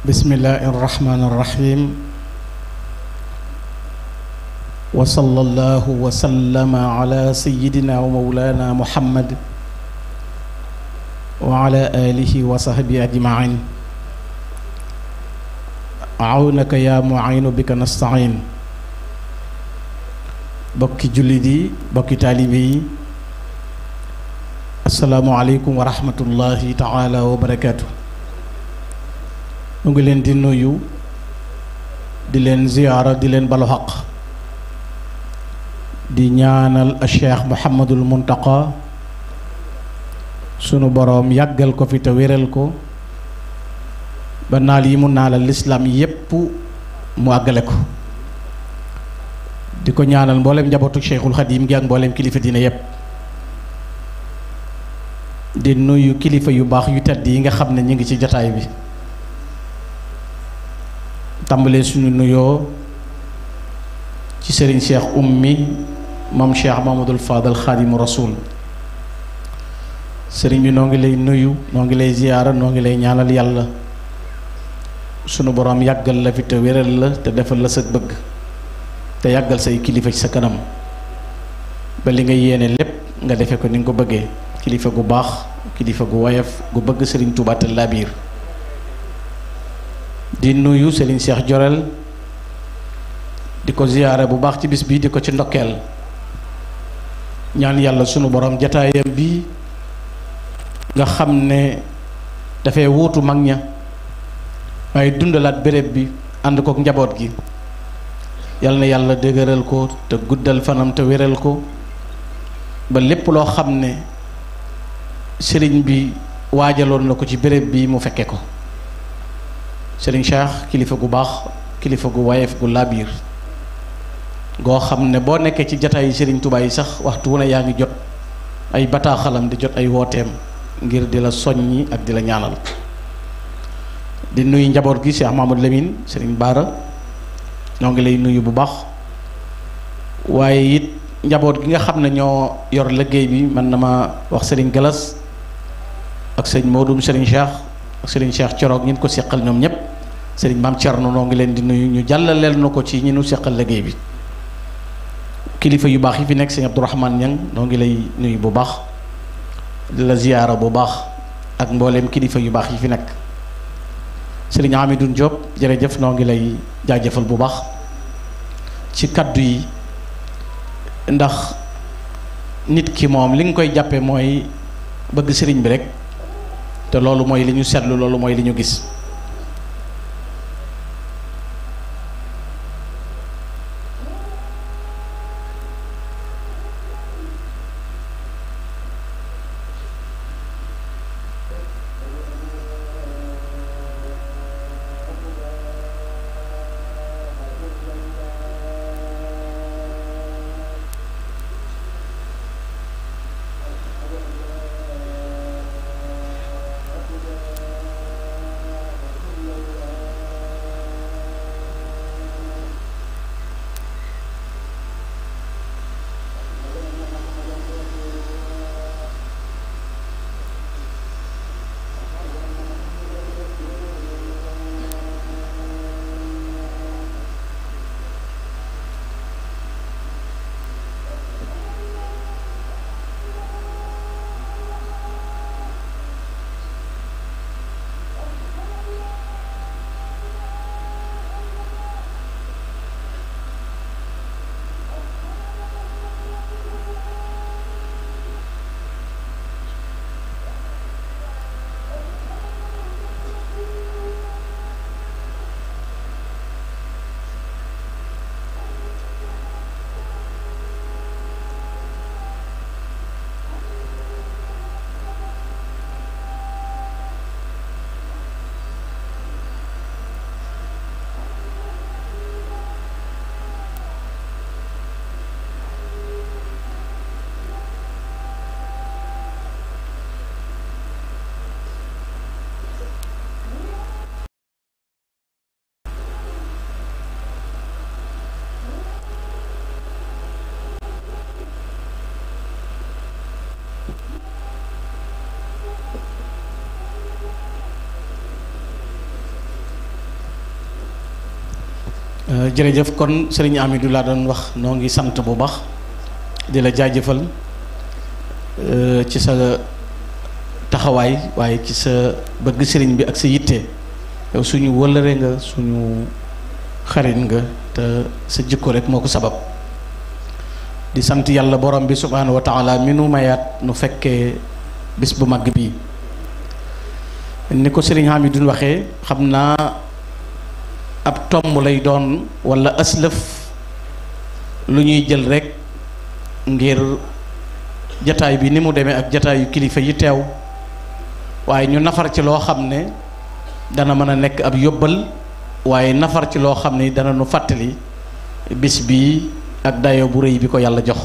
بسم الله الرحمن الرحيم وصلى الله وسلم على سيدنا ومولانا محمد وعلى آله وصحبه أجمعين عونك يا معين بك نستعين بك جلدي بك طالبي السلام عليكم ورحمة الله تعالى وبركاته ñu ngi leen di nuyu di leen ziyaara di leen balu xaq di ñaanal Cheikh Muhammadul Muntaqa sunu boroom yàggal ko fi te wéral ko ba naal yi mu naalal lislaam yépp mu àggale ko di ko ñaanal mbooleem njabootu Cheikhul Xadim gi ak mbooleem kilifa diine yépp di nuyu kilifa yu baax yu tedd yi nga xam ne ñu ngi ci jataay bi tàmbalee suñu nuyoo ci sëriñ Cheikh ummi moom Cheikh Mamadul Fadal xaadimu rasul sëriñ bi noo ngi lay nuyu noo ngi lay ziyaara noo ngi lay ñaanal yàlla sunu boroom yàggal la fi te wéral la te defal la sa bëgg te yàggal say kilifa ci sa kanam ba li nga yéene lépp nga defe ko ni nga ko bëggee kilifa gu baax kilifa gu woyof gu bëgg sëriñ Tuubaa te biir di nuyu Serigne Cheikh Jorel di ko ziyaare bu baax ci bis bii di ko ci ndokkeel ñaan yàlla sunu boroom jataayam bi nga xam ne dafay wuutu mag ña waaye dundalaat béréb bi ànd kook njaboot gi yal na yàlla dëgëral ko te guddal fanam te wéral ko ba lépp loo xam ne sëriñ bi waajaloon na ko ci béréb bi mu fekke ko Serigne Cheikh kilifa gu baax kilifa gu wayeef gu laabiir goo xam ne boo nekkee ci jataayu Serigne Touba yi sax waxtu wu ne yaa ngi jot ay bataaxalam di jot ay wooteem ngir di la soññi ak di la ñaanal di nuyu njaboot gi Cheikh Mamadou Lamine Serigne Baara ñoo ngi lay nuyu bu baax waaye it njaboot gi nga xam ne ñoo yor liggéey bi mën na ma wax sëriñ Galas ak sëñ Modou sëriñ Cheikh. ak sëriñ Cheikh Coroog ñi ko seqal ñoom ñëpp sëriñ maam Thierno noo ngi leen di nuyu ñu jàllaleel na ko ci ñi nu seqal liggéey bi kilifa yu baax yi fi nekk sëñ Abdourahmane Niang noo ngi lay nuyu bu baax di la ziyaara bu baax ak mbooleem kilifa yu baax yi fi nekk sëriñ Amidou Diop jërëjëf noo ngi lay jaajëfal bu baax ci kàddu yi ndax nit ki moom li nga koy jàppe mooy bëgg sëriñ bi rek. te loolu mooy li ñu seetlu loolu mooy li ñu gis Euh, jërëjëf kon sëriñ Amidou laa doon wax noo ngi sant bu baax di la jaajëfal euh, ci sa taxawaay waaye ci sa bëgg sëriñ bi ak sa yitte yow suñu wëllëre nga suñu xarit nga te sa jikko rek moo ko sabab di sant yàlla borom bi subhaanahu wa nu mayaat nu fekkee bis bu màgg bii ni ko sëriñ Amidou waxee xam naa ab tomb lay doon walla aslëf lu ñuy jël rekk ngir jataay bi ni mu demee ak jataayu kilifa yi teew waaye ñu nafar ci loo xam ne dana mën a nekk ab yóbbal waaye nafar ci loo xam ne dana nu fàttali bis bi ak dayo bu rëy bi ko yàlla jox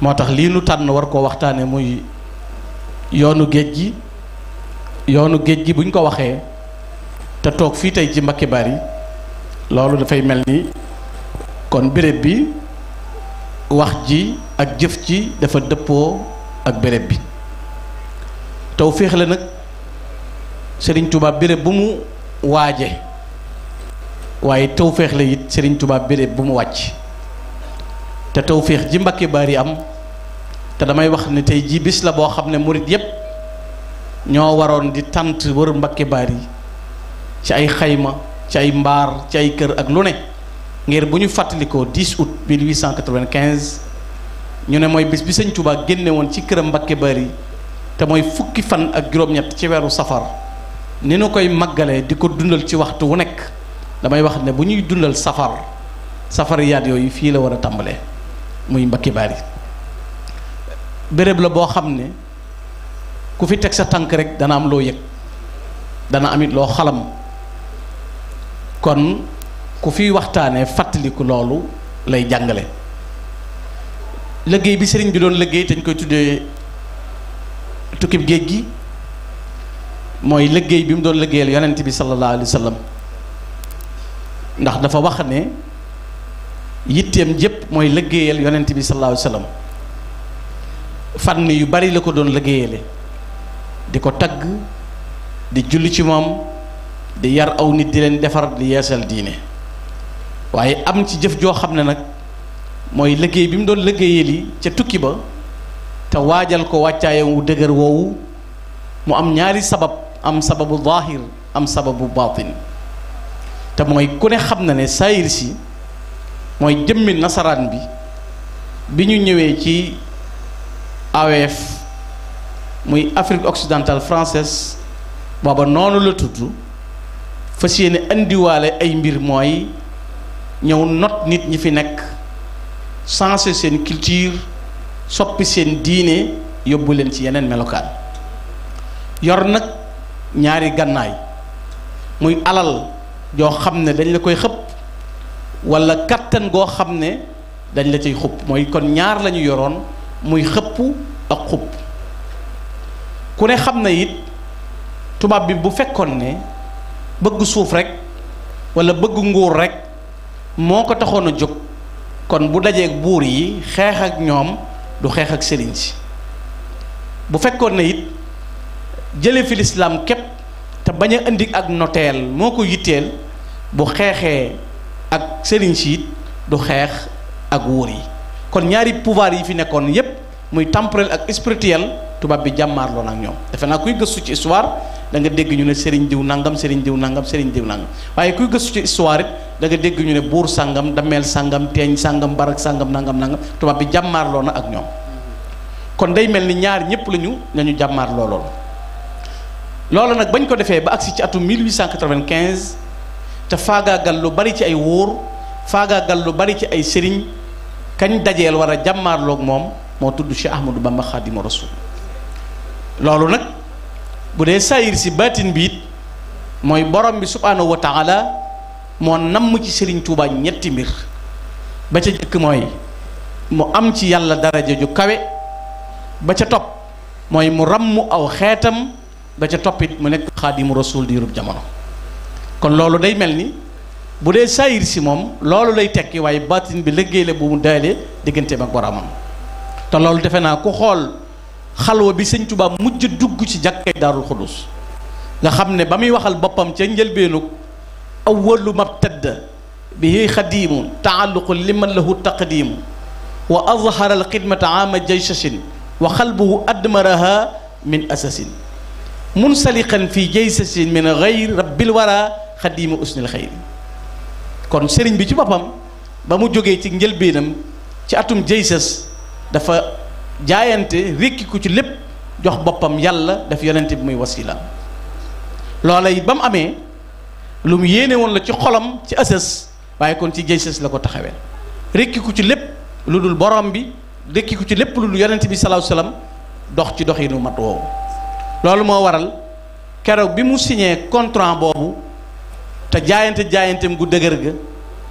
moo tax lii nu tànn war koo waxtaane muy yoonu géej gi yoonu géej gi buñ ko waxee ta tok fi tay ci mbacke Bari loolu da fay ni kon bereb bi wax ji ak jëf ci dafa depo ak bereb bi tawfiq la nak Serigne Touba bereb bu mu waje waye tawfiq la yit Serigne Touba bereb bu mu wacc ta tawfiq ji mbacke Bari am ta damay wax ni tay ji bis la bo xamne ne yeb ño waron di tante wër mbacke Bari ci ay xayma ci ay mbaar ci ay kër ak lu ne ngir bu ñu fàttalikoo 10 août 1895 ñu ne mooy bis bi sañ Touba génnewoon ci këram Mbakke yi te mooy fukki fan ak juróom-ñett ci weeru safar ni nu koy màggalee di ko dundal ci waxtu wu nekk damay wax ne bu ñuy dundal safar safar yaat yooyu fii la war a tàmbalee muy Mbakke Bari béréb la boo xam ne ku fi teg sa tànk rek dana am loo yëg dana amit loo xalam. kon ku fi waxtaanee fàttaliku loolu lay jàngale liggéey bi sëriñ bi doon liggéey te ñu koy tuddee tukkib géej gi mooy liggéey bi mu doon liggéeyal yonent bi sallallahu alayhi wa ndax dafa wax ne yitteem jëpp mooy liggéeyal yonent bi sallallahu alayhi wa fànn yu bari la ko doon liggéeyale di ko tagg di julli ci moom di yar aw nit di leen defar di yeesal diine waaye am ci jëf joo xam ne nag mooy liggéey bi mu doon liggéeyee li ca tukki ba te waajal ko wàccaayam wu dëgër woowu mu am ñaari sabab am sababu zaahir am sababu baatin te mooy ku ne xam na ne saayir si mooy jëmmi nasaraan bi bi ñu ñëwee ci aweef muy Afrique occidentale française booba noonu la tudd fassiyene andi indiwaale ay mbir moy ñëw not nit ñi fi nek changer sen culture soppi sen diine yobul len ci yenen melokaan yor nak ñaari gànnaay muy alal jo xamné dañ la koy xep wala katan go xamné dañ la cay xup moy kon ñaar lañu yoron muy xep ak xup ku ne xamné na it tubaab bi bu fekkone ne bëgg suuf rekk wala bëgg nguur rek moo ko taxoon a jóg kon bu dajeeg buur yi xeex ak ñoom du xeex ak sëriñ si bu fekkoon na it jële fi lislaam képp te bañ a indi ak noteel moo ko yitteel bu xeexee ak sëriñ si it du xeex ak wóor yi kon ñaari pouvoir yi fi nekkoon yépp muy temporel ak spirituel tubaab bi jàmmaarloo ak ñoom defe naa kuy gëstu ci histoire da nga dégg ñu ne sëriñ diw nangam sëriñ diw nangam sëriñ diw nangam waaye kuy gëstu ci histoire it da nga dégg ñu ne buur sangam dameel sangam teeñ sangam barak sangam nangam nangam tubaab bi jàmmaarloo na ak ñoom kon day mel ni ñaar ñëpp lañu ñu nañu jàmmaar loolool loolu nag bañ ko defee ba agsi ci atum 1895 te faagaagal lu bari ci ay wóor faagaagal lu bari ci ay sëriñ kañ dajeel war a moom moo tudd ci Ahmadou Bamba Xaadimu Rasuul loolu nag bu dee saayir si baatin bi it mooy borom bi subhaanahu wa moo namm ci sëriñ Touba ñetti mbir ba ca jëkk mooy mu am ci yàlla daraja ju kawe ba ca topp mooy mu ràmm aw xeetam ba ca toppit mu nekk Xaadimu Rasuul di yurub jamono kon loolu day mel ni bu dee saayir si moom loolu lay tekki waaye baatin bi liggéey la bu mu daalee digganteem ak boromam. ta loolu defena ku xol khalwa bi seigne touba mujj dugg ci jàkkay darul xudus nga xamne ne waxal bopam ci boppam ca awwalu mabtad bi khadim ta'alluq liman lahu taqdim wa azhara al xidmata aama jaysasin wa xalbuhu admaraha min asasin munsaliqan fi jayshin min ghayr rabbil wara khadim usnil khair kon sëriñ bi ci bopam bamu joge ci ci njëlbeenam ci atum jaysas dafa jaayante rékkiku ci lépp jox boppam yàlla daf yonent bi muy wasila loola it ba mu amee lu mu yéene woon la ci xolam ci ësës waaye kon ci jëysës la ko taxawee rékkiku ci lépp lu dul borom bi rékkiku ci lépp lu dul yonent bi salaahu salaam dox ci dox yi nu mat woowu loolu moo waral keroog bi mu signé contrat boobu te jaayante jaayanteem gu dëgër ga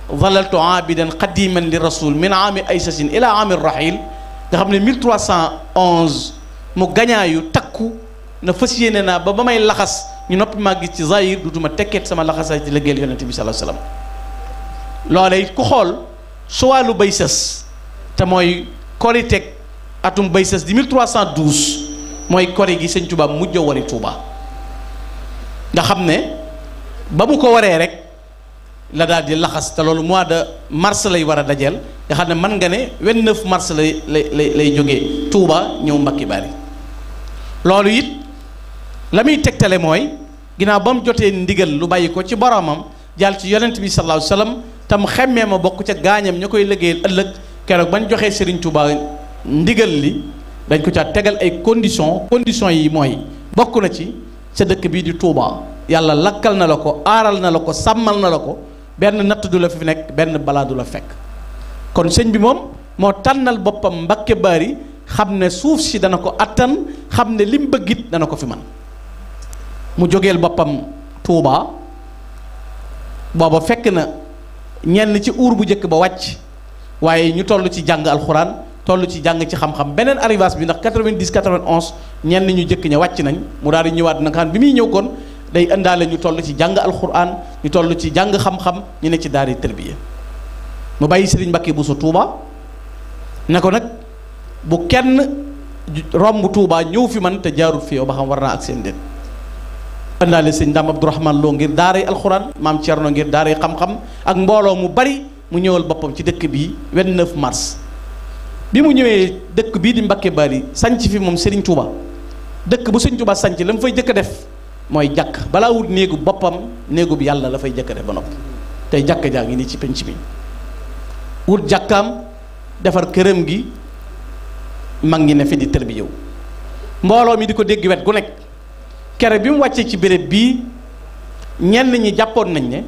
valaltu aabidan qadiman li rasul min aami aysasin ila aami rahil nga xam ne 1311 mu gañaayu takku na fas yéene naa ba ba may laxas ñu noppi maa gis ci zahir dutuma tekkeet sama laxasaay ci liggéeyal yonente bi sallallahu alayhi wasallam loola it ku xool suwaalu bay sës te mooy teg atum bay sës di 1312 mooy kori gi sëñ Tuubaa mujj a wari Tuubaa nga xam ne ba mu ko waree rek la daal laxas te loolu mois de mars lay war a dajeel nga xam ne man nga ne 29 mars lay lay lay lay jógee Touba ñëw Mbacke Bari loolu it la muy tegtale mooy ginnaaw ba mu jotee ndigal lu bàyyi ko ci boromam jàll ci yonent bi sallallahu alayhi wasallam tam xemmee ma bokk ca gaañam ña koy liggéeyal ëllëg keroog bañ joxee Serigne Touba ndigal li dañ ko ca tegal ay conditions conditions yi mooy bokk na ci ca dëkk bii di tuuba yàlla lakkal na la ko aaral na la ko sàmmal na la ko. benn natt du la fi nekk benn balaa du la fekk kon sëñ bi moom moo tànnal boppam Mbàkke Baari xam ne suuf si dana ko attan xam ne lim bëggit dana ko fi man mu jógeel boppam Tuubaa booba fekk na ñenn ci uur bu njëkk ba wàcc waaye ñu toll ci jàng alxuraan toll ci jàng ci xam-xam beneen arrivage bi ndax 90 91 ñenn ñu jëkk ña wàcc nañ mu daal di ñëwaat nag xam bi muy ñëw kon day indaale ñu toll ci jàng alxuraan ñu toll ci jàng xam-xam ñu ne ci daari tërbiya mu bàyyi sëriñ bu sa Tuuba ne ko nag bu kenn romb Tuuba ñëw fi man te jaarut fi yow ba xam war naa ak seen déet indaale sëñ Dame Abdourahman Lo ngir daaray alxuraan maam Cerno ngir daaray xam-xam ak mbooloo mu bari mu ñëwal boppam ci dëkk bi 29 mars bi mu ñëwee dëkk bii di Mbàkke Bari sanc fi moom sëriñ Tuuba dëkk bu sëñ Tuuba sanc la mu fay jëkk def mooy jàkk balaa wut néegu boppam néegub yàlla la fay jëkkëre ba nopp tey jàkk jaa ngi nii ci penc mi wut jàkkaam defar këram gi mag ngi ne fi di tër bi yow mbooloo mi di ko dégg wet gu nekk kere bi mu wàccee ci béréb bii ñenn ñi jàppoon nañ ne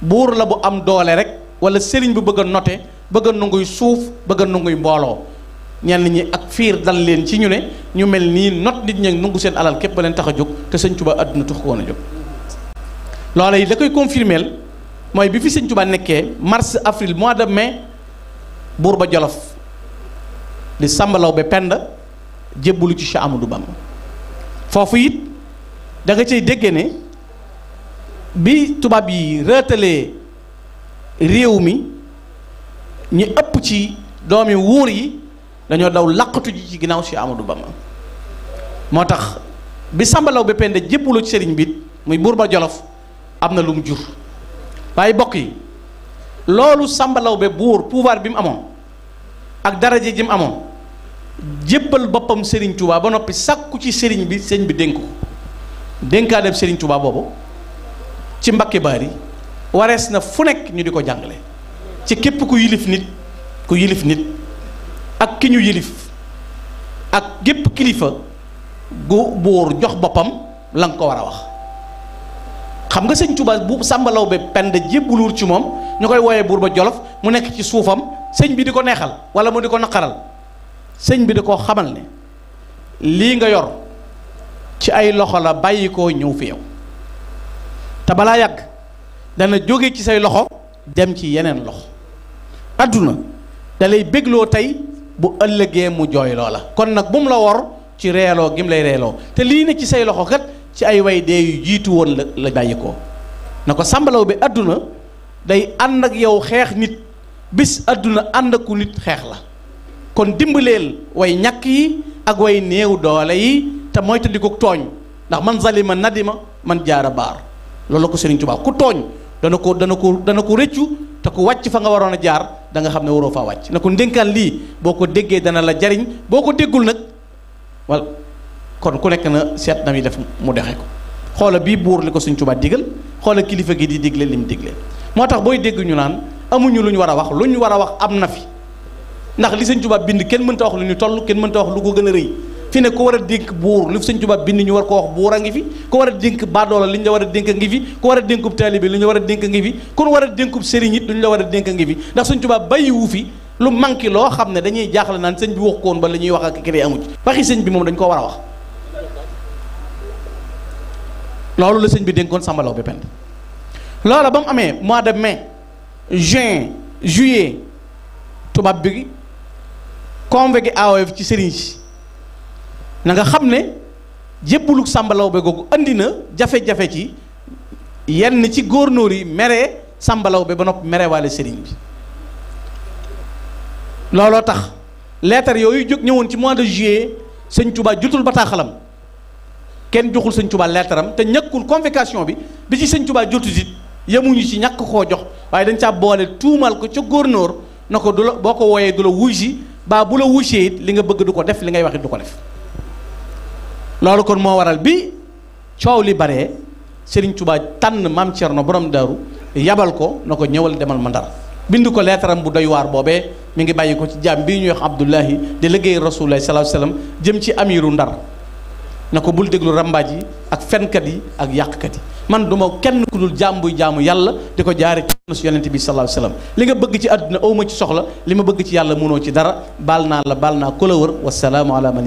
buur la bu am doole rek wala sëriñ bu bëgg a note bëgg a nunguy suuf bëgg a nunguy mbooloo ñenn ñi ak fiir dal leen ci ñu ne ñu mel nii not nit ñi nungu seen alal képp ba leen tax a jóg te sañ Tuba àdduna tax ko woon a jóg loola yi da koy confirmeel mooy bi fi sëñ Tuba nekkee mars avril mois de mais buur ba Jolof di sàmbalaw ba pend jébbalu ci Cheikh Amadou Bamba foofu it danga nga cay ne bi tubaab yi reetalee réew mi ñi ëpp ci doomi wuur yi dañoo daw laqatu ji ci ginnaaw Cheikh Amadou Bamba moo tax bi sambalaw ba pende jébbalu ci sëriñ bi muy buur ba jolof am na lu jur waaye bokk yi loolu sambalaw ba buur pouvoir bi mu amoon ak daraje ji mu amoon jébbal boppam sëriñ Touba ba noppi sàkku ci sëriñ bi sëñ bi dénk ko dénkaaneb sëriñ Touba boobu ci Mbakke yi warees na fu nekk ñu di ko jàngale ci képp ku yilif nit ku yilif nit ak ki ñu yilif ak gépp kilifa gu buur jox boppam la nga ko war a wax xam nga sëñ Tuubaa bu Sàmba Lawbe Penda jébbuluwul ci moom ñu koy wooyee buur ba Jolof mu nekk ci suufam sëñ bi di ko neexal wala mu di ko naqaral sëñ bi di ko xamal ne lii nga yor ci ay loxo la bàyyi ko ñëw fi yow te balaa yàgg dana jóge ci say loxo dem ci yeneen loxo adduna dalay bégloo tey bu ëllëgee mu jooy la kon nag bu mu la wor ci reeloo gim lay reeloo te lii ne ci say loxo kat ci ay way dee yu jiitu woon la la bàyyi ko na ko sàmbalaw bi àdduna day ànd ak yow xeex nit bis àdduna ànd aku nit xeex la kon dimbaleel way ñàkk yi ak way néew doole yi te mooy tëddiku tooñ ndax man zalima nadima man jaar a baar loolu ko Sëriñ Tuubaa ku tooñ dana ko dana ko dana ko rëccu te ku wàcc fa nga waroon a jaar danga xam ne waroo faa wàcc na ko ndénkaan lii boo ko déggee dana la jariñ boo ko déggul nag wala kon ku nekk na seet na muy def mu dexe ko xoola bii buur li ko suñ Tuubaa digal xoola kilifa gi di digle lim digle moo tax booy dégg ñu naan amuñu lu ñu war a wax lu ñu war a wax am na fi ndax li suñ Tuubaa bind kenn mënta wax lu ñu toll kenn mënta wax lu ko gën a rëy fi ne ko war a dénk buur li sëñ Tuubaa bind ñu war koo wax buur a ngi fi ko war a dénk baadoola li ñu la war a dénk ngi fi ko war a dénkub taalibe li ñu war a dénk ngi fi kon war a dénkub sëriñ it lu ñu la war a dénk ngi fi ndax sëñ Tuubaa bàyyiwu fi loo xam ne dañuy jaaxle naan sëñ bi wax koon ba la ñuy wax ak kii amu ci waxi ko war a wax la sëñ bi dénkoon sàmbalaw bi loola ba mu amee mois de mai juin juillet tubaab bi convoqué ci sëriñ si na nga xam ne jébbalug Sàmba Lawbe googu andi na jafe-jafe ci yenn ci góor nóor yi meree Sàmba Lawbe ba noppi merewaale sëriñ bi looloo tax leetar yooyu jog ñëwoon ci mois de juillet sëñ Touba jotul bataaxalam kenn joxul sëñ Touba leetaram te ñàkkul convocation bi bi ci sëñ Touba jotu it yemuñu ci ñàkk koo jox waaye dañ caa boole tuumal ko ca góor nóor na ko du la boo ko wooyee du la wuy si baa bu la wuysee it li nga bëgg du ko def li ngay waxit du ko def loolu kon moo waral bi coow li bare Serigne tubaab tànn maam na borom daru yabal ko na ko ñëwal demal ma ndar bind ko leetaram bu doy waar boobee mi ngi bàyyi ko ci jaam bii ñuy wax Abdullahi di liggéey Rasulullah sallallahu alayhi jëm ci amiru ndar na ko bul déglu rambaaj yi ak fenkat yi ak yàqkat yi man du ma kenn ku dul jaam buy jaamu yàlla di ko jaare ci su yonente bi sallallahu alayhi li nga bëgg ci àdduna awma ci soxla li ma bëgg ci yàlla mënoo ci dara baal naa la baal naa ku la wër wasalaamu ala man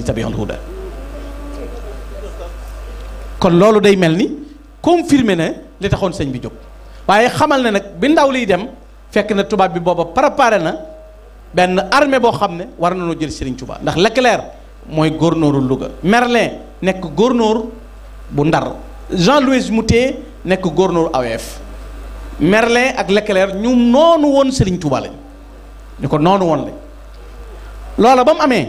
kon loolu day mel ni confirmer na li taxoon sëñ bi jóg waaye xamal na nag bi ndaw liy dem fekk na tubaab bi booba préparé na benn armée boo xam ne war nañoo jël Serigne Touba ndax Leclerc mooy góornóoru luga merle nekk góornóor bu Ndar Jean-Louis Moutet nekk góornóoru AOF Merlin ak Leclerc ñu noonu woon Serigne Touba ñu ko noonu woon lañ loola ba mu amee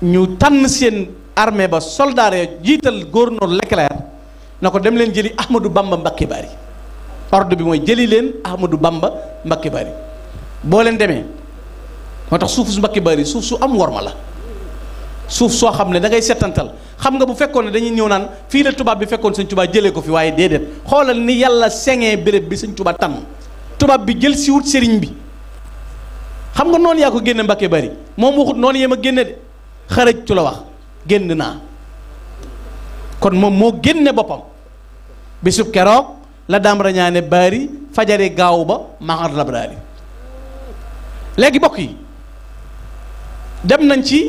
ñu tànn seen. armée ba soldaar ya jiital gouverneur Leclerc na ko dem leen jëli Ahmadou Bamba mbakki Bari ordre bi mooy jëli leen Ahmadou Bamba Mbakke Bari boo leen demee moo tax suuf su mbakki Bari suuf su am worma la suuf soo xam ne da ngay settantal xam nga bu fekkoon ne dañuy ñëw naan fii la tubaab bi fekkoon sëñ tubaab jëlee ko fi waaye déedéet xoolal ni yàlla sengee béréb bi sëñ tubaab tànn tubaab bi jël si wut sëriñ bi xam nga noonu yaa ko génne Mbakke Bari moom waxut noonu a génne de xaraj tu la génn naa kon moom moo génne boppam bisub keroog la daam rañaane baari fajare gaaw ba maxar labraari léegi bokk yi dem nañ ci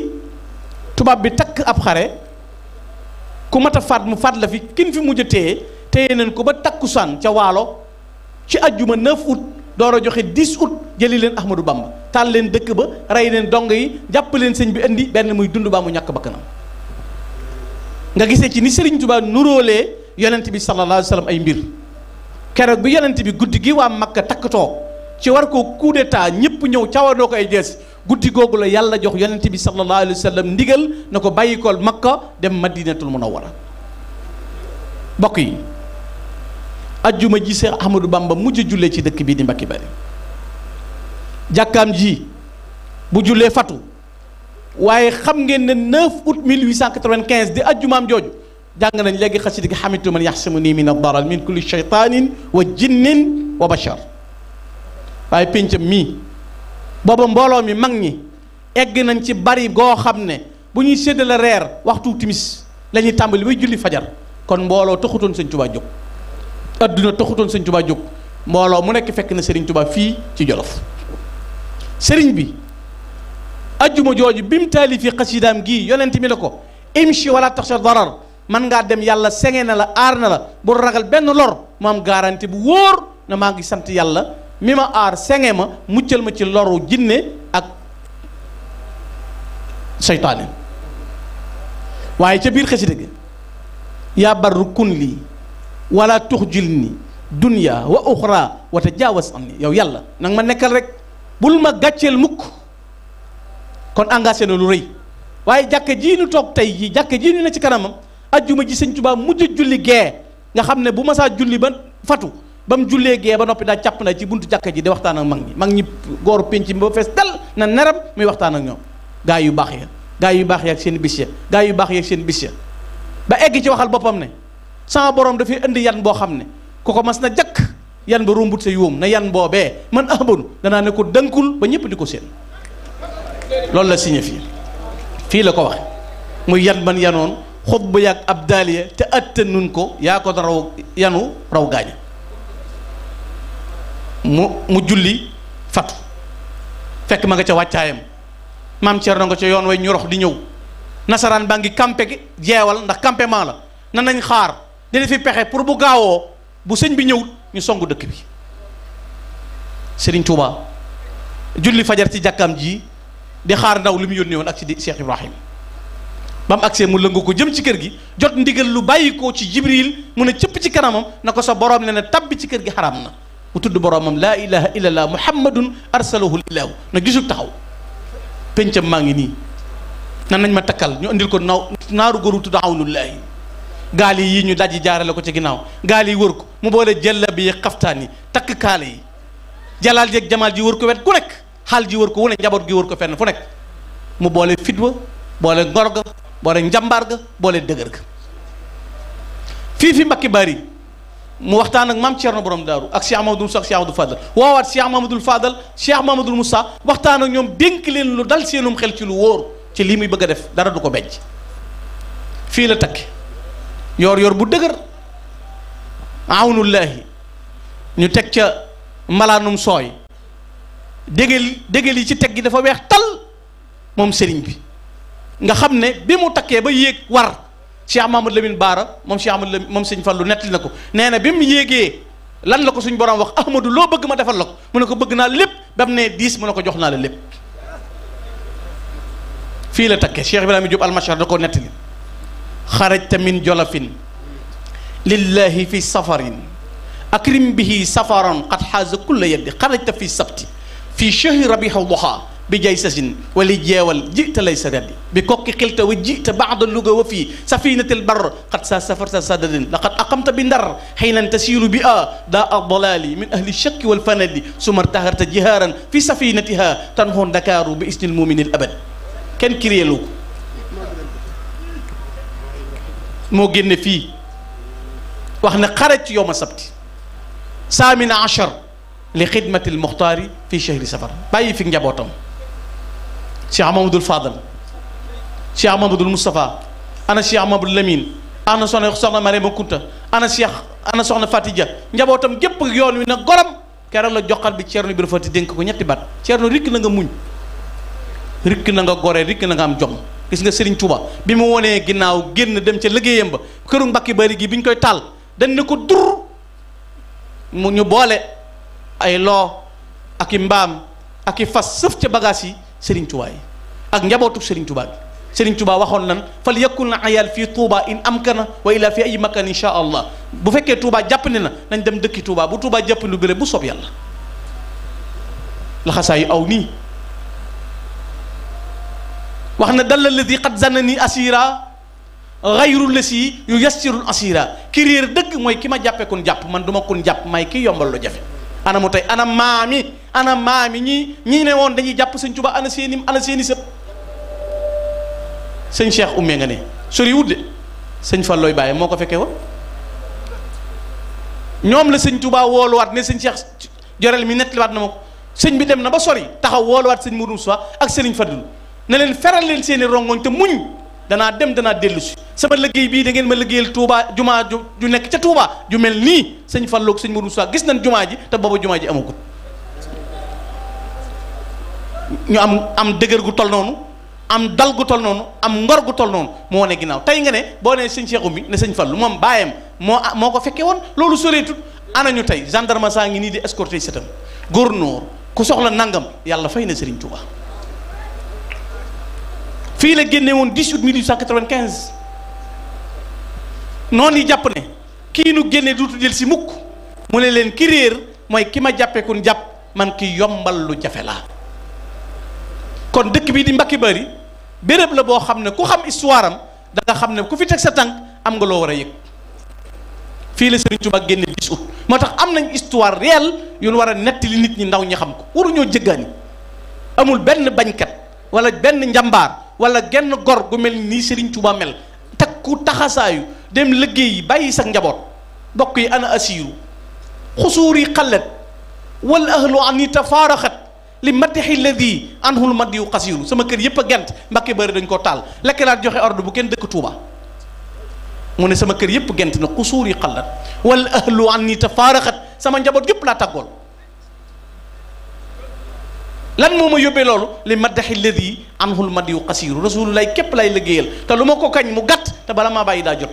tubaab bi takk ab xare ku mat a mu faat la fi kin fi mujj téye téye nañ ko ba takkusaan ca waalo ci ajjuma 9 août door a joxe 10 août jëli leen Ahmadou Bamba taal leen dëkk ba rey leen dong yi jàpp leen sëñ bi indi benn muy dund baa mu ñàkk bakkanam nga gise ci ni Serigne Touba nuróolee yonent bi sallallahu alayhi ay mbir keroog bi yonent bi guddi gi waa Makka takkatoo ci war koo coup d'état ñëpp ñëw cawadoo ko ay jees guddi googu la yàlla jox yonent bi sallallahu alayhi wa ndigal na ko bàyyikool Makka dem Madinatul Munawwara bokk yi ajjuma ji Seex Ahmadou Bamba mujj julle ci dëkk bii di mbakki Bari jàkkaam ji bu jullee fatu waaye xam ngeen ne 9 août 1895 di ajjumaam jooju jàng nañ léegi xasida gi xamitu man yaxsimuni min addaral min kulli cheytanin wa jinnin wa bachar waaye péncam mii booba mbooloo mi mag ñi egg nañ ci bari goo xam ne bu ñuy waxtu timis la ñuy tàmbali bay julli fajar kon mbooloo taxutoon sëñ Tuubaa jóg adduna taxutoon sëñ Tuubaa jóg mbooloo mu nekk fekk na sëriñ Tuubaa fii ci Jolof sëriñ bi ajjuma joju bim talifi qasidam gi yonenti mi lako imshi wala taxsha darar man nga dem yàlla sengena la arna la bu ragal ben lor ma am bu wor na ma ngi sante yàlla mima ar sengema muccel ma ci loru jinne ak shaytan waye ci bir xasida gi ya barru kun wala tukhjilni dunya wa ukhra wa tajawaz anni yow yàlla nang ma nekkal rek bul ma gatchel mukk kon engagé na lu rëy waaye jàkka jii ñu toog tey jii jàkka jii ñu ne ci kanamam ajjuma ji sëñ Tuubaa mujj julli gee nga xam ne bu ma saa julli ba fatu ba mu jullee gee ba noppi daal càpp na ci buntu jàkka ji di waxtaan ak mag ñi mag ñi góoru pénc mi ba fees dal na neram muy waxtaan ak ñoom gaa yu baax ya gaa yu baax ya seen bis ya gaa yu baax ya seen bis ya ba egg ci waxal boppam ne sama borom dafay indi yan boo xam ne ku ko mas na jàkk yan ba rombut sa yóom na yan boobee man abanu danaa ne ko dënkul ba ñëpp di ko seen loolu la signé fii fii la ko wax muy yan man yanoon xut bu yàgg ab daaliya te attanun ko yaa ko raw yanu raw gaaña mu mu julli fatu fekk ma nga ca wàccaayam maam na nga ca yoon way ñu rox di ñëw nasaraan baa ngi campé gi jeewal ndax campement la na nañ xaar dina fi pexe pour bu gaawoo bu sëñ bi ñëwut ñu songu dëkk bi Sëriñ Tuubaa julli fajar ci jàkkaam ji di xaar ndaw li mu yónnee woon ak si di Cheikh Ibrahim ba mu agsee mu lëngu ko jëm ci kër gi jot ndigal lu bàyyi ko ci Jibril mu ne cëpp ci kanamam na ko sa boroom ne na tabbi ci kër gi xaraam na mu tudd boroomam laa ilaha illallah muhammadun arsalahu lillahu na gisul taxaw pencam maa ngi nii na nañ ma takkal ñu andil ko naaw naaru góoru tudd awnullahi gaal yi ñu dajji jaarale ko ci ginnaaw gaal yi wër ko mu boole jëlla bi xaftaan yi takk kaala yi jalaal jeeg jamaal ji wër ko wet ku nekk xaal ji wër ko wu ne njaboot gi wër ko fenn fu nekk mu boole fit boole ngor ga boole njàmbaar ga boole dëgër ga fii fi Mbacke Bari mu waxtaan ak maam Thierno borom daaru ak Cheikh Mamadou Moussa ak Cheikh Mamadou Fadal woowaat Cheikh Mamadou Fadal Cheikh Mamadou Moussa waxtaan ak ñoom dénk leen lu dal seenum xel ci lu wóor ci lii muy bëgg a def dara du ko bejj fii la takk yor-yor bu dëgër awnullahi ñu teg ca malaanum sooy dégal dégal yi ci teg gi dafa wex tal mom serigne bi nga xamne bi mu takke ba yéeg war Cheikh Mamadou Lamine bara mom Cheikh Mamadou mom serigne Fallu netti nako ko nee yegge lan la ko suñ borom wax Ahmadou lo bëgg ma defal lako ko mu ne bëgg na lépp bam ne 10 mu ne jox na la lépp fi la takke Cheikh ibrahim Diop almachar da koo nettali xarajta min jolafin lillahi fi safarin akrim bihi safaran qad xaasa kulla yeddi xarajta fi sabti في شهر ربيع الضحى بجيسة ولجاول جئت ليس ذلي بكوك قلت وجئت بعض اللغة وفي سفينة البر قد سافرت سادد لقد أقمت بندر حين تسير بها داء الضلال من أهل الشك والفند ثم ارتهرت جهارا في سفينتها تنهون دكار بإسم المؤمن الأبد كان كريلو مو جن في واحنا قرأت يوم السبت ثامن عشر لخدمة المختار في شهر سفر باي في نجابوتم شيخ محمد الفاضل شيخ محمد المصطفى انا شيخ محمد الامين انا سونا سونا مريم كنت انا شيخ انا سونا فاتيجا نجابوتم جيب يون من غرام كارلا جوكال بشيرن بروفتي دينك كونيتي بات شيرن ريك نغا مون ريك نغا غوري ريك نغا ام جوم gis nga serigne touba bima woné ginnaw genn dem ci liggéeyam ba keurum bakki bari gi biñ koy tal dañ ay loo ak i mbaam ak i fas sëf ca bagaas yi Serigne Touba yi ak njabootu Serigne Touba bi Serigne Touba waxoon nan fal yakun ayal fi Touba in amkana wa illa fi ay makan insha allah bu fekkee jàpp jàppandi na nañ dem dëkki Touba bu Touba jàppandi lu bëre bu soob yàlla laxasaa aw nii wax na dal ladi xat zanani asira xayru lasi yu yastirul asira ki réer dëgg mooy ki ma jàppee koon jàpp man duma ma kon jàpp may ki yombal lu jafe ana mu tey ana maami ana maami ñi ñii ne woon dañuy jàpp sëñ Tuubaa ana seeni ana seeni sëpp sëñ Cheikh ummee nga ne sori wut de sëñ looy bàyyi moo ko fekkee woon ñoom la sëñ tubaa wooluwaat ne sëñ Cheikh joreel mi nettaliwaat na ma ko sëñ bi dem na ba sori taxaw wooluwaat sëñ Mourou Moussa ak sëriñ Fadul ne leen feral leen seeni rongoñ te muñ danaa dem danaa dellusi sama liggéey bii da ngeen ma liggéeyal Touba jumaa ju ju nekk ca Touba ju mel nii sëñ Fallou ak sëñ Modou Moussa gis nañ jumaa ji te booba jumaa ji amagut ñu am am dëgër tol noonu am dal tol noonu am ngor tol noonu moo ne ginnaaw tey nga ne boo nee sëñ Cheikh Oumy ne sëñ Fallou moom baayam moo moo ko fekkee woon loolu soreetut ana ñu tey gendarme saa ngi nii di escorter setam góor noor ku soxla nangam yàlla fay na sëriñ Touba. fii la génne woon 10 août 1895 noonu yi jàpp ne kii nu génne duutu jël si mukk mu ne leen ki réer mooy ki ma jàppee kun jàpp man ki yombal lu jafe la kon dëkk bi di Mbacke Bari béréb la boo xam ne ku xam histoire am da nga xam ne ku fi teg sa tànk am nga loo war a yëg fii la Serigne Touba génne 10 août moo tax am nañ histoire réelle yu nu war a li nit ñi ndaw ñi xam ko waruñoo jëggaani amul benn bañkat wala benn njambaar. wala genn gor gu mel nii Serigne Touba mel takku taxasaayu dem liggéey yi bàyyi sa njaboot bokk yi ana asiiru xusuur yi xalat wal ahlu an yi tafaaraxat li matixi ladi anhul madiyu xasiiru sama kër yëpp gent mbakke bari dañ koo taal lekk laa joxe ordre bu kenn dëkk Touba mu ne sama kër yëpp gent na xusuur yi xalat wal ahlu an yi tafaaraxat sama njaboot yépp laa tàggool lan moo ma yóbbee loolu li maddaxi ladi anhul mad yu xasiiru rasulullaay képp lay liggéeyal te lu ma ko kañ mu gàtt te bala maa bàyyi daa jot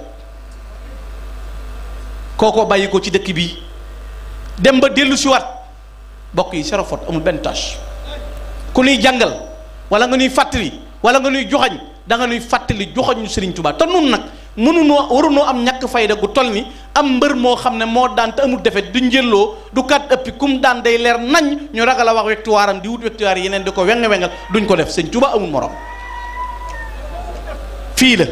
kookoo bàyyi ko ci dëkk bii dem ba dellu si waat bokk yi serofot amul benn tâche ku nuy jàngal wala nga nuy fàttali wala nga nuy joxañ danga nuy fàttali joxañ ñu Sëriñ Tuubaa te nun nag mënunoo warunoo am ñak fayda gu tolni am mbeur mo xamne mo moo daan te amul defet du njëlloo du kat epi kum daan day leer nañ ñu ragal wax victoire am di wut victoire yeneen yenen diko weng wengal duñ ko def señ tuba amul morom fi la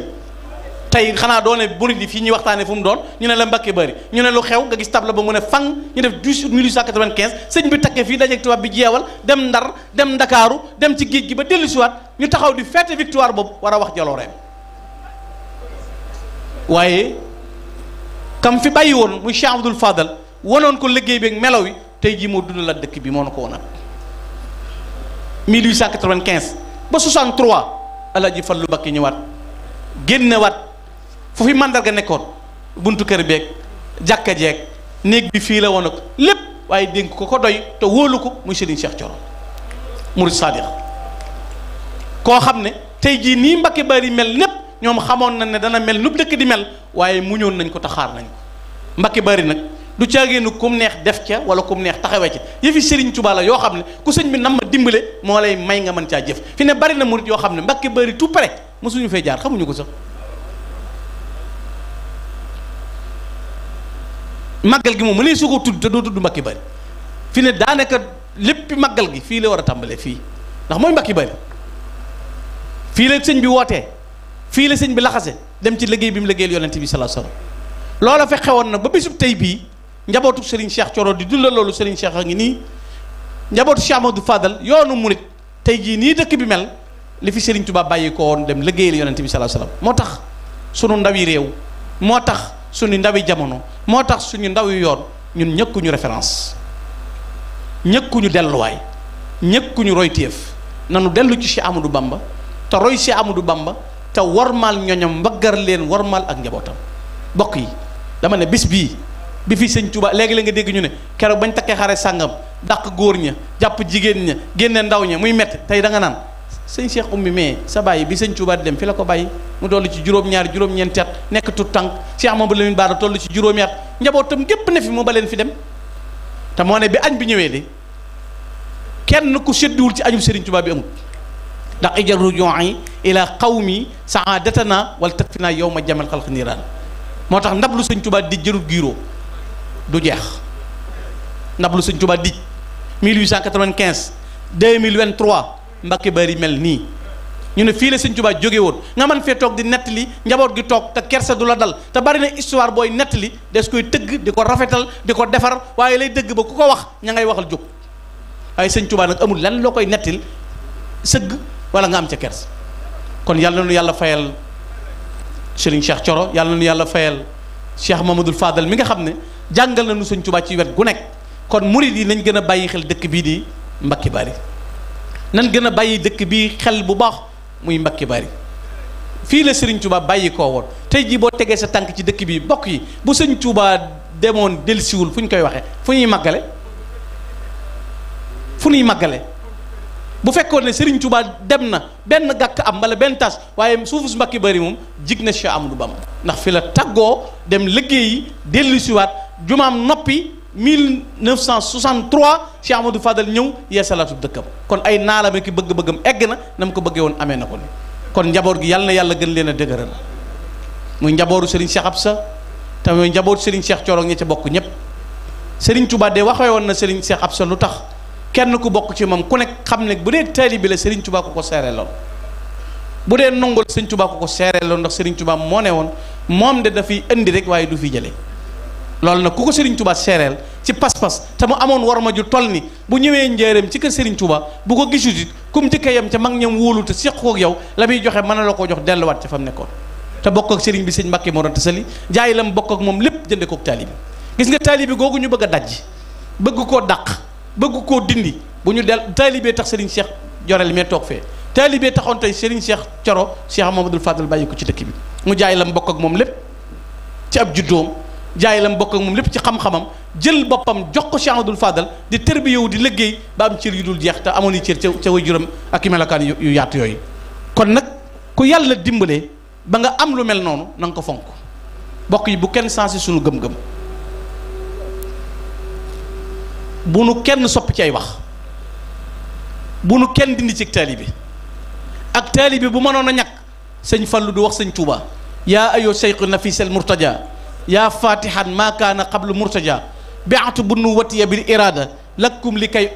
tay xana doone murid di fi ñi waxtane fu mu doon ñu ne la Mbàkke bari ñu ne lu xew ga gis table ba mu ne fang ñu def 1895 señ bi takke fi dajek tuba bi jewal dem Ndar dem dakaru, dem ci geej gi ba wat ñu taxaw di fete victoire bob wara wax jalo rem waaye kam fi bàyyi woon muy Cheikh Abdoul Fadal wanoon ko liggéey bi ak melaw yi tey jii moo la dëkk bi moo na ko wonaat 1895 ba 63 Alaaji Fallu Bakki ñëwaat génnewaat fu fi màndarga nekkoon buntu kër beeg jàkka jeeg néeg bi fii la woon ak lépp waaye dénk ko ko doy te wóolu ko muy Serigne Cheikh Thioro Murid Sadiq koo xam ne tey jii nii Mbacke Bari mel lépp. ñoom xamoon nañ ne dana mel nu dëkk di mel waaye mu muñoon nañ ko taxaar nañ mbakki bari nag du caageenu kum neex def ca wala kum neex taxawee ca yëfi Sëriñ Tuubaa la yoo xam ne ku sëñ bi nam ma dimbale moo lay may nga mën caa jëf fi ne bari na murit yoo xam ne Mbàkke bari tout près mosuñu fee jaar xamuñu ko sax màggal gi moom mu ne su ko tudd te doo tudd Mbàkke bari fi ne daanaka lépp màggal gi fii la war a tàmbalee fii ndax mooy Mbàkke bari fii la sëñ bi wootee fii la sëñ bi laxase dem ci liggéey bi mu liggéeyal yonent bi sallallahu alayhi wasallam loola fexe woon nag ba bisub tey bii njabootu Serigne Cheikh Thioro di dundal loolu Serigne Cheikh a ngi nii njabootu Cheikh Amadou Fadal yoonu murit tey jii nii dëkk bi mel li fi Serigne Touba bàyyi ko woon dem liggéeyal yonent bi sallallahu alayhi moo tax sunu ndawi réew moo tax suñu ndawi jamono moo tax suñu ndawi yoon ñun ñëkkuñu référence ñëkkuñu delluwaay ñëkkuñu royteef nanu dellu ci Cheikh Amadou Bamba te roy Cheikh Bamba te warmaal ñoñam mbaggar leen warmaal ak njabootam bokk yi dama ne bis bii bi fi sëñ Tuubaa léegi la nga dégg ñu ne keroog bañ takkee xare sàngam dàq góor ña jàpp jigéen ña génn ndaw ña muy métti tey da nga naan sëñ Cheikh Oumy mais sa bàyyi bi sëñ Tuubaa di dem fi la ko bàyyi mu toll ci juróom-ñaar juróom-ñeenti at nekk a tànk Cheikh Mamadou Lamine Bara toll ci juróomi at njabootam gépp ne fi mu ba leen fi dem te moo ne bi añ bi ñëwee de kenn ku sédduwul ci añub sëriñ Tuubaa bi amul ndax ijaru yi ila qawmi saadatana wal takfina yowma jamal khalq niran motax tax seigne touba di juru giro, du jeex ndab seigne touba di 1895 2023 Mbàkke Bari mel ni. ñu ne fi la seigne touba joge won nga man fe tok di netli njabot gi tok te kersa dula dal te bari na histoire boy netli des koy teug diko rafetal diko defar waye lay deug ba kuko wax ña ngay waxal juk ay seigne touba nak amul lan lokoy netil seug wala nga am ci kersa kon yàlla nu yàlla fayal Serigne Cheikh Thioro yàlla nu yàlla fayal Cheikh Mamadou Fadal mi nga xamne jàngal nañu serigne touba ci wet gu nek kon mouride yi nañ gëna bàyyi xel dëkk bi di Mbacke Bari nañ gëna bàyyi dëkk bi xel bu baax muy Mbacke Bari fi la Serigne Touba bàyyi ko woon tay ji bo tege sa tànk ci dëkk bi bokk yi bu serigne Touba demone dellusiwul fu ñu koy waxe fuñuy magalé fuñuy magalé bu fekkone Serigne Touba dem na ben gak am wala ben tas waye suufu su bari na Cheikh Amadou bam ndax fi la taggo dem delu ci wat jumaam nopi 1963 Cheikh Amadou Fadal ñëw yeesalaatu dëkkam kon ay naalame ki bëgg-bëggam egg na ko bëgge won amé na ko kon njabor gi yalla yalla gën leena degeural muy njaboru Serigne Cheikh Absa te muy Serigne Cheikh ñi ci bokku ñep Serigne Touba de won na Serigne Cheikh Absa lutax kenn ku bokk ci moom ku nekk xam ne bu dee taalibi la Serigne Touba ko ko seereeloon bu dee nangu la Serigne ko ko seereeloon ndax Serigne Touba moo ne woon moom de dafay indi rek waaye du fi jëlee loolu nag ku ko Serigne Touba seereel ci pas-pas te mu amoon war ma ju toll ni bu ñëwee njéeréem ci kër Serigne tubaa bu ko gisut it kum njëkk yam ca mag ñam wóolu te seq koog yow la muy joxe mën na la koo jox delluwaat ci fam mu nekkoon te bokk ak Serigne bi sëñ Mbàkke moo doon tasali jaay la mu bokk ak moom lépp jënde ko taalibi gis nga taalibi googu ñu bëgg a daj bëgg koo dàq bëgg koo dindi bu ñu del taalibee tax Serigne Cheikh joreel mais toog fee taalibee taxoon tey Serigne Cheikh Coro Cheikh Mamadou Fadal bàyyi ko ci dëkk bi mu jaay lam bokk ak moom lépp ci ab juddoom jaay lam bokk ak moom lépp ci xam-xamam jël boppam jox ko Cheikh Mamadou Fadal di bi yow di liggéey ba am cër yu dul jeex te amoon yi cër ca ca waajuram ak i melokaan yu yaatu yooyu kon nag ku yàlla dimbalee ba nga am lu mel noonu na nga ko fonk bokk yi bu kenn sansi suñu gëm-gëm bunu kenn soppi ci ay wax bunu kenn dindi ci taalibe ak taalibe bu mënoon a ñàkk sëñ Fallu du wax sëñ Touba ya yaa ayoo nafis al murtaja ya fatihan ma kana qabl murtaja biatu bunu wati bil irada lakum likay kay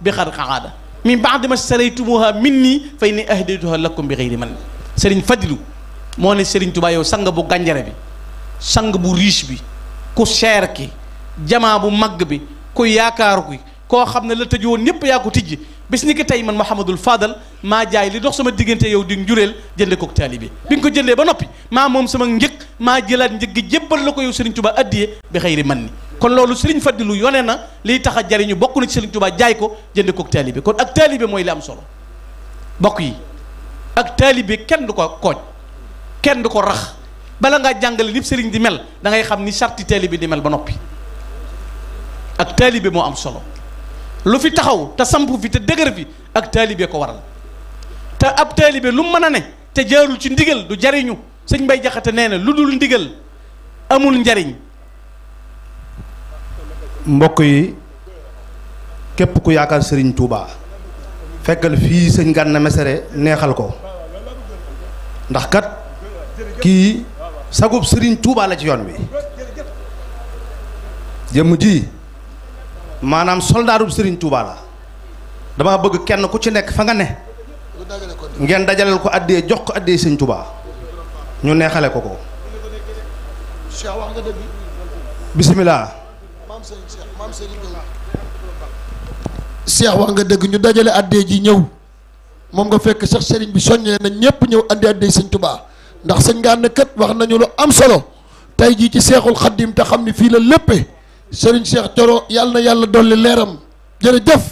bi kharqada min ba'd ma saraytumuha minni fa inni ahdaytuha lakum bi ghayri man sëriñ Fadilu mo ne sëriñ Touba yow sang bu ganjere bi sang bu riche bi ku cher ki jama bu mag bi koy yaakaaru gi koo xam ne la tëj woon ñëpp yaa ko tijji bis ni ki tey man Mouhamadul faadal maa jaay li dox sama diggante yow di njureel jënde kook taalibe bi nga ko jëndee ba noppi maa moom sama njëkk maa jëlaat njëg gi jébbal la ko yow Serigne Touba addiyee bi xëyri man ni kon loolu Serigne Fadilu yone na liy tax a jariñu bokk na ci Serigne Touba jaay ko jënde kook taalibe kon ak taalibe mooy li am solo bokk yi ak taalibe kenn du ko kooj kenn du ko rax bala ngaa jàngale lépp Serigne di mel da xam ni sarti taalibe di ba noppi ak taalibe moo am solo lu fi taxaw te samp fi te dëgër fi ak taalibe ko waral te ab taalibe lu mën a ne te jaarul ci ndigal du jariñu sëñ Mbay Jaxate nee na lu dul ndigal amul njariñ mbokk yi képp ku yaakaar sëriñ tuuba fekkal fii sëñ Gana Messere neexal ko ndax kat kii sagub sëriñ Touba la ci yoon wi jëmm ji maanaam soldaarub sëriñ Touba la dama bëgg kenn ku ci nekk fa nga ne ngeen dajaleel ko addee jox ko addee Serigne Touba ñu neexale ko ko bisimilah. Cheikh wax nga dëgg ñu dajale addee ji ñëw moom nga fekk sax Serigne bi soññee na ñëpp ñëw andi addee Serigne Touba ndax sëñ nga ne kat wax nañu lu am solo tey jii ci Seexul Xaddim te xam ni fii la léppee. Serigne Cheikh Thioro yàlla na yàlla dolli leeram jërëjëf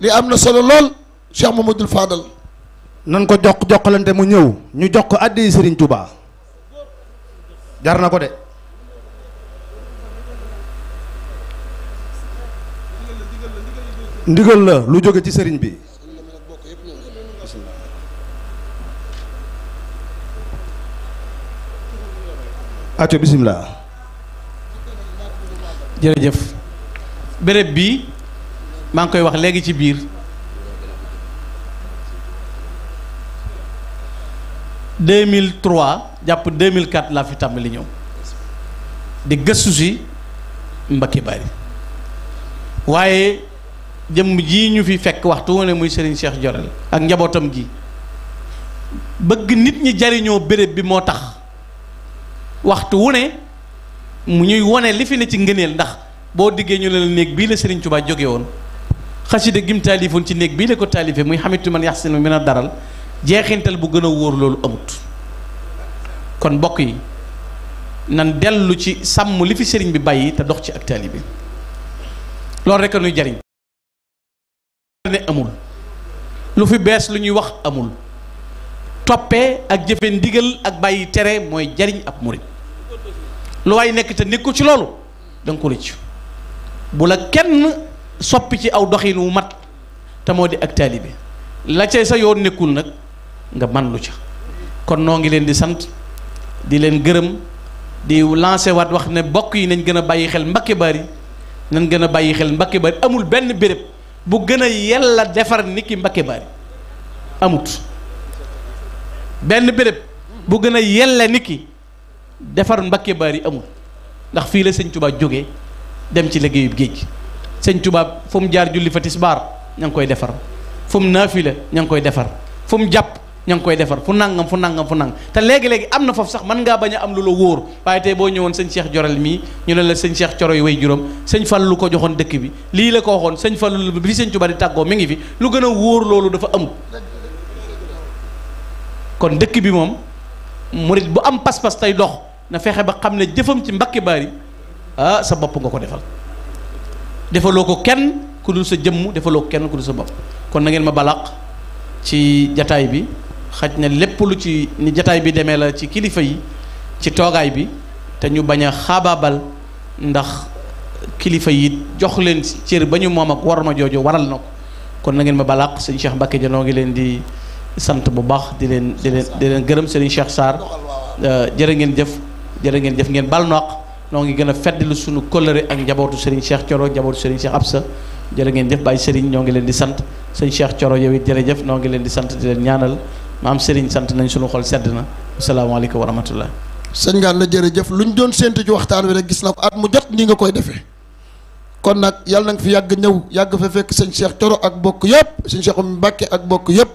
li am na solo lool Cheikh Mamadou Fadal. nan ko jox jokkalante mu ñëw ñu jox ko àddi Serigne Touba jar na ko de. ndigal la lu jóge ci sëriñ bi aco bismillah jërëjëf béréb bi maa ngi koy wax léegi ci biir deux mille trois jàpp deux mille quatre laa fi tàmbali ñëw di gëstu si Mbacké Bari waaye jëm ji ñu fi fekk waxtu wu ne muy Serigne Cheikh Jorel ak njabootam gi bëgg nit ñi jariñoo béréb bi moo tax waxtu wu ne mu ñuy wone li fi ne ci ngeenel ndax bo diggé ñu ne la néeg bi la Serigne Touba joggé won xasida gim talifon ci néeg bi la ko talifé muy hamidou man yahsin min daral jeexintal bu gëna wóor loolu amut kon bokk yi nan delu ci sam li fi serigne bi bàyyi ta dox ci ak talibé loolu rek nuy jariñ ne amul lu fi bes lu ñuy wax amul topé ak jëfe ndigal ak bàyyi tere moy jariñ ab mouride lu waay nekk te nekku ci loolu da nga ko rëccu bu la kenn soppi ci aw doxin wu mat te moo di ak taalibe la cay sa yoon nekkul nag nga man lu ca kon noo ngi leen di sant di leen gërëm di lancé waat wax ne bokk yi nañ gën a bàyyi xel Mbacké Bari nañ gën a bàyyi xel Mbacké Bari amul benn béréb bu gën a yella defar nit ki Mbacké Bari amut benn béréb bu gën a yella nit ki defar Mbakke yi amul ndax fii la sëñ Tuubaa jóge dem ci liggéeyub géej gi sëñ Tuubaa fu jaar julli fa tisbaar ña ngi koy defar fu mu naafila ña ngi koy defar fu mu jàpp ña ngi koy defar fu nangam fu nangam fu nangam te léegi-léegi am na foofu sax man ngaa bañ a am lu la wóor waaye tey boo ñëwoon sëñ Cheikh Joral mii ñu ne la sëñ Cheikh Coro yi way juróom fal lu ko joxoon dëkk bi lii la ko waxoon sëñ Fallu bi sëñ Tuubaa di tàggoo mi ngi fi lu gën a wóor loolu dafa amul dëkk bi moom murit bu am pas tey dox na fexe ba xam ne jëfam ci mbakki baari ah sa bopp nga ko defal defaloo ko kenn ku dul sa jëmm defaloo ko kenn ku dul sa bopp kon nangeen ma balaq ci jataay bi xaj na lépp lu ci ni jataay bi demee la ci kilifa yi ci toogaay bi te ñu bañ a xaabaabal ndax kilifa yi jox leen cër ba ñu moom ak war ma jooju waral na ko kon na ngeen ma balaq sëñ Cheikh Mbacke janoo ngi leen di sant bu baax di leen di leen gërëm leen gërëm sëriñ Cheikh Sarr euh, jërë ngeen jëf jërë ngeen jëf ngeen bal noq noo ngi gën a feddlu sunu kóllëre ak njabootu Serigne Cheikh Thioro njabootu Serigne ab sa jërë ngeen jëf Baye Serigne ñoo ngi leen di sant sëñ Cheikh Thioro yow it jëf noo ngi leen di sant di leen ñaanal am sëriñ sant nañ suñu xol sedd na asalaamaaleykum wa rahmatullah sëñ Gane la jëf lu ñu doon séentu ci waxtaan wi rek gis na ko at mu jot nii nga koy defee kon nag yàlla na fi yàgg ñëw yàgg fa fekk sëñ Cheikh Thioro ak bokk yëpp sëñ Cheikh Oumy Mbacké ak bokk yëpp